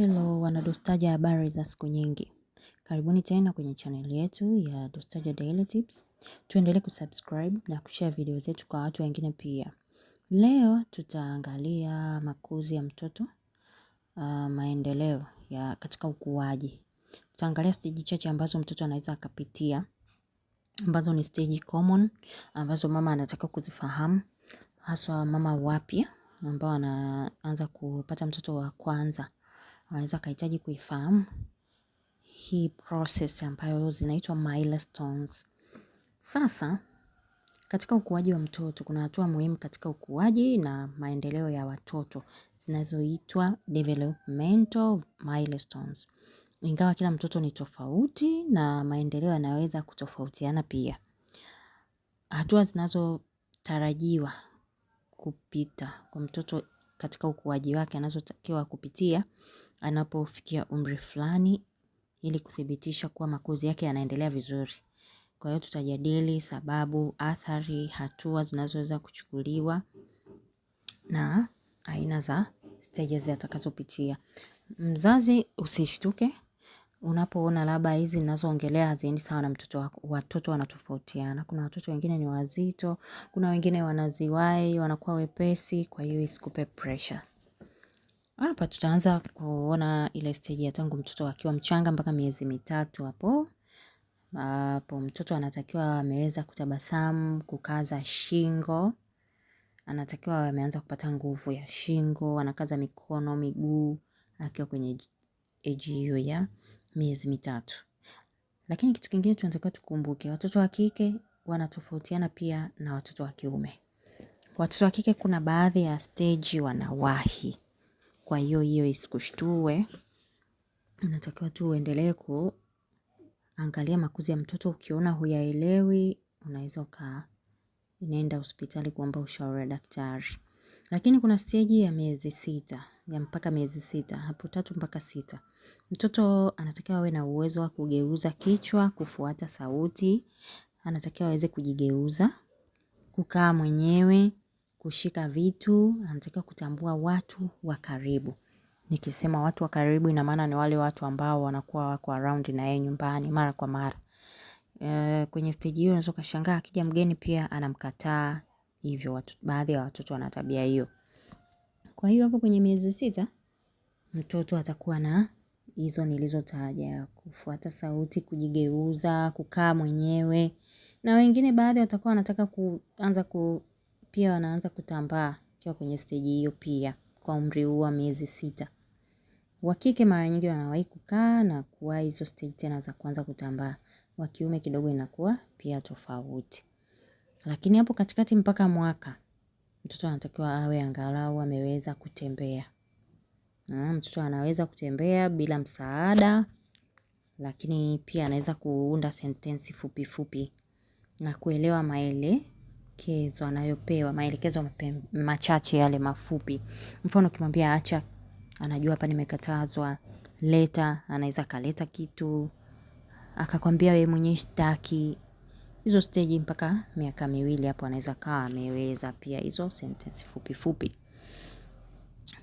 Hello wanadostaja, habari za siku nyingi. Karibuni tena kwenye chaneli yetu ya Dostaja Daily Tips. Tuendelee kusubscribe na kushare video zetu kwa watu wengine pia. Leo tutaangalia makuzi ya mtoto uh, maendeleo ya katika ukuaji. Tutaangalia stage chache ambazo mtoto anaweza akapitia, ambazo ni stage common ambazo mama anataka kuzifahamu, haswa mama wapya ambao anaanza kupata mtoto wa kwanza wanaweza wakahitaji kuifahamu hii process ambayo zinaitwa milestones. Sasa katika ukuaji wa mtoto kuna hatua muhimu katika ukuaji na maendeleo ya watoto zinazoitwa developmental milestones. Ingawa kila mtoto ni tofauti na maendeleo yanaweza kutofautiana pia. Hatua zinazotarajiwa kupita kwa mtoto katika ukuaji wake anazotakiwa kupitia anapofikia umri fulani ili kuthibitisha kuwa makuzi yake yanaendelea vizuri. Kwa hiyo tutajadili sababu, athari, hatua zinazoweza kuchukuliwa na aina za stages atakazopitia. Mzazi usishtuke unapoona labda hizi ninazoongelea haziendi sawa na mtoto wako. Watoto wanatofautiana, kuna watoto wengine ni wazito, kuna wengine wanaziwai, wanakuwa wepesi, kwa hiyo isikupe pressure. Hapa tutaanza kuona ile stage ya tangu mtoto akiwa mchanga mpaka miezi mitatu hapo hapo mtoto anatakiwa ameweza kutabasamu, kukaza shingo, anatakiwa ameanza kupata nguvu ya shingo, anakaza mikono, miguu akiwa kwenye eji hiyo ya miezi mitatu. Lakini kitu kingine tunatakiwa tukumbuke, watoto wa kike wanatofautiana pia na watoto wa kiume. Watoto wa kike kuna baadhi ya steji wanawahi, kwa hiyo hiyo isikushtue, unatakiwa tu uendelee kuangalia makuzi ya mtoto. Ukiona huyaelewi, unaweza ukaenda nenda hospitali kuomba ushauri wa daktari. Lakini kuna steji ya miezi sita, ya mpaka miezi sita, hapo tatu mpaka sita. Mtoto anatakiwa awe na uwezo wa kugeuza kichwa, kufuata sauti, anatakiwa aweze kujigeuza, kukaa mwenyewe, kushika vitu, anatakiwa kutambua watu wa karibu. Nikisema watu wa karibu ina maana ni wale watu ambao wanakuwa wako around na yeye nyumbani mara kwa mara. Eh, kwenye steji hiyo unaweza ukashangaa akija mgeni pia anamkataa hivyo watu, baadhi ya watoto wana tabia hiyo. Kwa hiyo hapo kwenye miezi sita mtoto atakuwa na hizo nilizotaja, kufuata sauti, kujigeuza, kukaa mwenyewe, na wengine baadhi watakuwa wanataka kuanza ku, pia wanaanza kutambaa kiwa kwenye steji hiyo pia kwa umri huu wa miezi sita. Wa kike mara nyingi wanawahi kukaa na kuwa hizo stage tena za kuanza kutambaa. Wa kiume kidogo inakuwa pia tofauti. Lakini hapo katikati mpaka mwaka mtoto anatakiwa awe angalau ameweza kutembea. Na mtoto anaweza kutembea bila msaada, lakini pia anaweza kuunda sentensi fupi fupi na kuelewa maelekezo anayopewa, maelekezo machache yale mafupi. Mfano ukimwambia acha, anajua hapa nimekatazwa, leta, anaweza akaleta kitu, akakwambia we mwenyewe sitaki, hizo stage mpaka miaka miwili hapo anaweza kawa ameweza pia hizo sentence fupi fupi.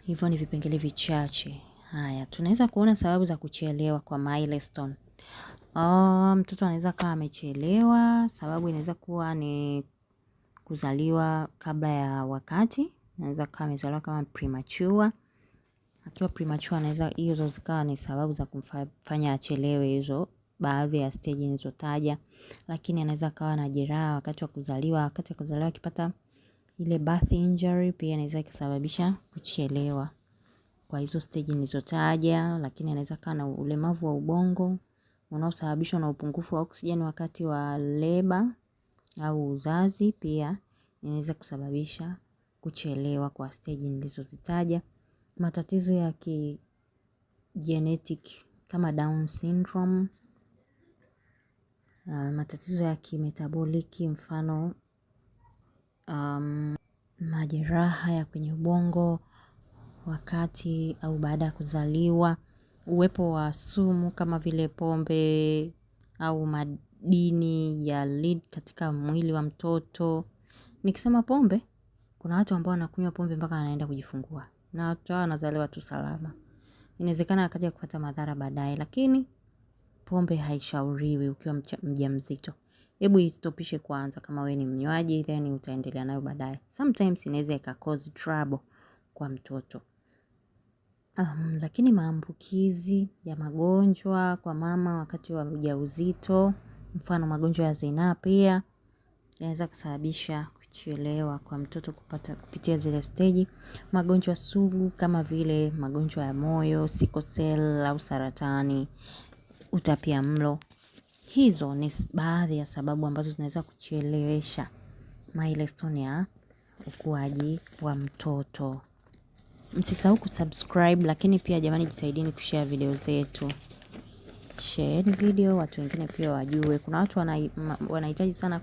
Hivyo ni vipengele vichache. Haya, tunaweza kuona sababu za kuchelewa kwa milestone. Oh, mtoto anaweza kawa amechelewa, sababu inaweza kuwa ni kuzaliwa kabla ya wakati, anaweza kaa amezaliwa kama premature. Akiwa premature anaweza hizo zikawa ni sababu za kumfanya achelewe hizo baadhi ya stage nilizotaja, lakini anaweza akawa na jeraha wakati wa kuzaliwa. Wakati wa kuzaliwa akipata ile birth injury pia inaweza ikasababisha kuchelewa kwa hizo stage nilizotaja, lakini anaweza kawa na ulemavu wa ubongo unaosababishwa na upungufu wa oksijeni wakati wa leba au uzazi, pia inaweza kusababisha kuchelewa kwa stage nilizozitaja. Matatizo ya kigenetic kama Down syndrome matatizo ya kimetaboliki mfano um, majeraha ya kwenye ubongo wakati au baada ya kuzaliwa. Uwepo wa sumu kama vile pombe au madini ya lead katika mwili wa mtoto. Nikisema pombe, kuna watu ambao wanakunywa pombe mpaka wanaenda kujifungua. Na watoto hao wanazaliwa tu salama. Inawezekana akaja kupata madhara baadaye lakini pombe haishauriwi ukiwa mjamzito. Hebu istopishe kwanza kama we ni mnywaji then utaendelea nayo baadaye. Sometimes inaweza ika cause trouble kwa mtoto. Um, lakini maambukizi ya magonjwa kwa mama wakati wa ujauzito, mfano magonjwa ya zinaa pia yanaweza kusababisha kuchelewa kwa mtoto kupata kupitia zile steji. Magonjwa sugu kama vile magonjwa ya moyo, sickle au saratani utapia mlo. Hizo ni baadhi ya sababu ambazo zinaweza kuchelewesha milestone ya ukuaji wa mtoto. Msisahau kusubscribe, lakini pia jamani, jitahidini kushare video zetu. Share video watu wengine pia wajue. Kuna watu wanahitaji sana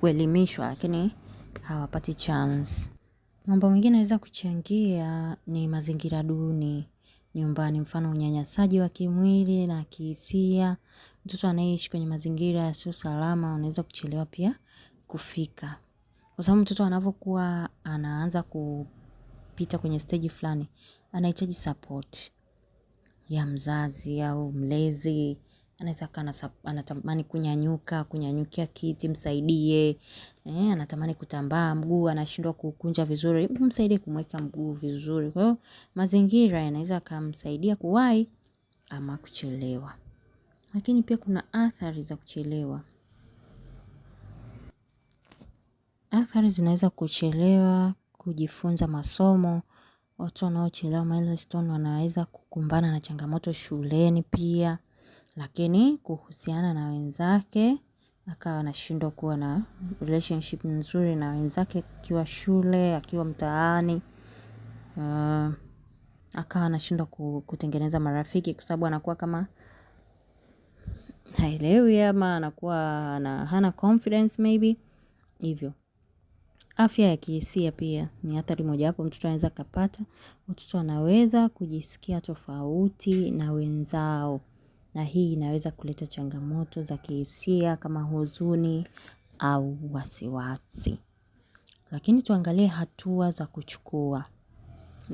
kuelimishwa, lakini hawapati chance. Mambo mengine anaweza kuchangia ni mazingira duni nyumbani, mfano unyanyasaji wa kimwili na kihisia, mtoto anayeishi kwenye mazingira yasiyo salama anaweza kuchelewa pia kufika, kwa sababu mtoto anavyokuwa anaanza kupita kwenye steji fulani anahitaji support ya mzazi au mlezi anaweza kana anatamani kunyanyuka kunyanyukia kiti msaidie eh, anatamani kutambaa mguu anashindwa kukunja vizuri msaidie kumweka mguu vizuri kwa hiyo mazingira yanaweza akamsaidia kuwahi ama kuchelewa lakini pia kuna athari za kuchelewa athari zinaweza kuchelewa kujifunza masomo watu wanaochelewa milestone wanaweza kukumbana na changamoto shuleni pia lakini kuhusiana na wenzake akawa anashindwa kuwa na relationship nzuri na wenzake akiwa shule, akiwa mtaani. Uh, akawa anashindwa kutengeneza marafiki kwa sababu anakuwa kama haelewi ama anakuwa na hana confidence maybe hivyo. Afya ya kihisia pia ni moja mojawapo mtoto anaweza akapata. Mtoto anaweza kujisikia tofauti na wenzao na hii inaweza kuleta changamoto za kihisia kama huzuni au wasiwasi. Lakini tuangalie hatua za kuchukua.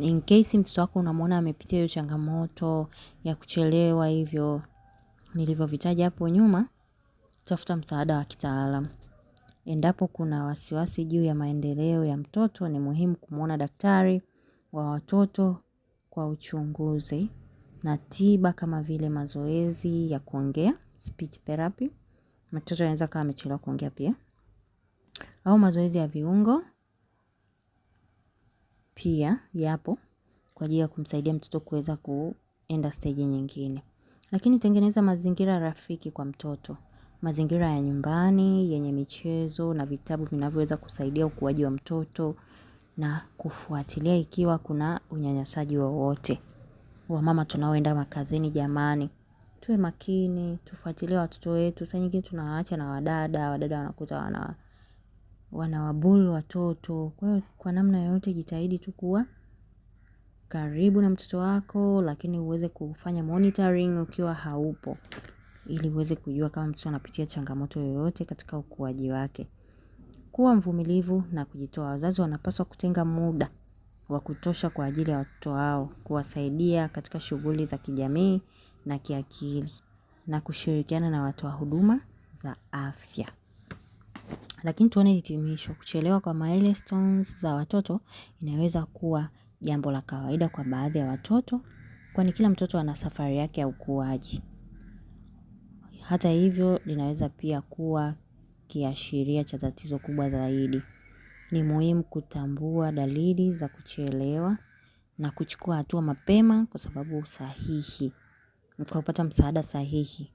In case mtoto wako unamwona amepitia hiyo changamoto ya kuchelewa hivyo nilivyovitaja hapo nyuma, tafuta msaada wa kitaalamu. Endapo kuna wasiwasi juu ya maendeleo ya mtoto ni muhimu kumwona daktari wa watoto kwa uchunguzi na tiba kama vile mazoezi ya kuongea speech therapy. Mtoto anaweza kama amechelewa kuongea pia, au mazoezi ya viungo pia yapo kwa ajili ya kumsaidia mtoto kuweza kuenda stage nyingine. Lakini tengeneza mazingira rafiki kwa mtoto, mazingira ya nyumbani yenye michezo na vitabu vinavyoweza kusaidia ukuaji wa mtoto na kufuatilia ikiwa kuna unyanyasaji wowote wamama tunaoenda makazini jamani tuwe makini tufuatilie watoto wetu saa nyingine tunawaacha na wadada wadada wanakuta wana wanawabulu watoto kwa hiyo kwa namna yoyote jitahidi tu kuwa karibu na mtoto wako lakini uweze kufanya monitoring ukiwa haupo ili uweze kujua kama mtoto anapitia changamoto yoyote katika ukuaji wake kuwa mvumilivu na kujitoa wazazi wanapaswa kutenga muda wa kutosha kwa ajili ya watoto hao, kuwasaidia katika shughuli za kijamii na kiakili na kushirikiana na watoa huduma za afya. Lakini tuone hitimisho, kuchelewa kwa milestones za watoto inaweza kuwa jambo la kawaida kwa baadhi ya watoto, kwani kila mtoto ana safari yake ya ukuaji. Hata hivyo, linaweza pia kuwa kiashiria cha tatizo kubwa zaidi. Ni muhimu kutambua dalili za kuchelewa na kuchukua hatua mapema kwa sababu sahihi. Mkapata msaada sahihi.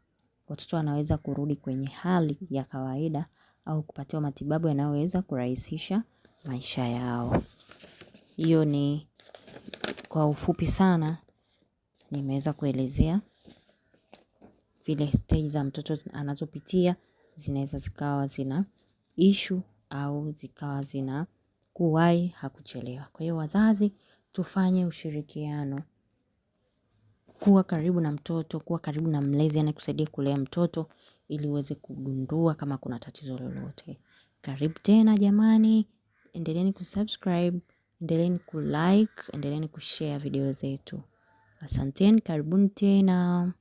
Watoto wanaweza kurudi kwenye hali ya kawaida au kupatiwa matibabu yanayoweza kurahisisha maisha yao. Hiyo ni kwa ufupi sana nimeweza kuelezea vile stage za mtoto anazopitia zinaweza zikawa zina issue au zikawa zina kuwahi hakuchelewa. Kwa hiyo wazazi tufanye ushirikiano kuwa karibu na mtoto, kuwa karibu na mlezi anayekusaidia kulea mtoto ili uweze kugundua kama kuna tatizo lolote. Karibu tena jamani, endeleeni kusubscribe, endeleeni kulike, endeleeni kushare video zetu. Asanteni karibuni tena.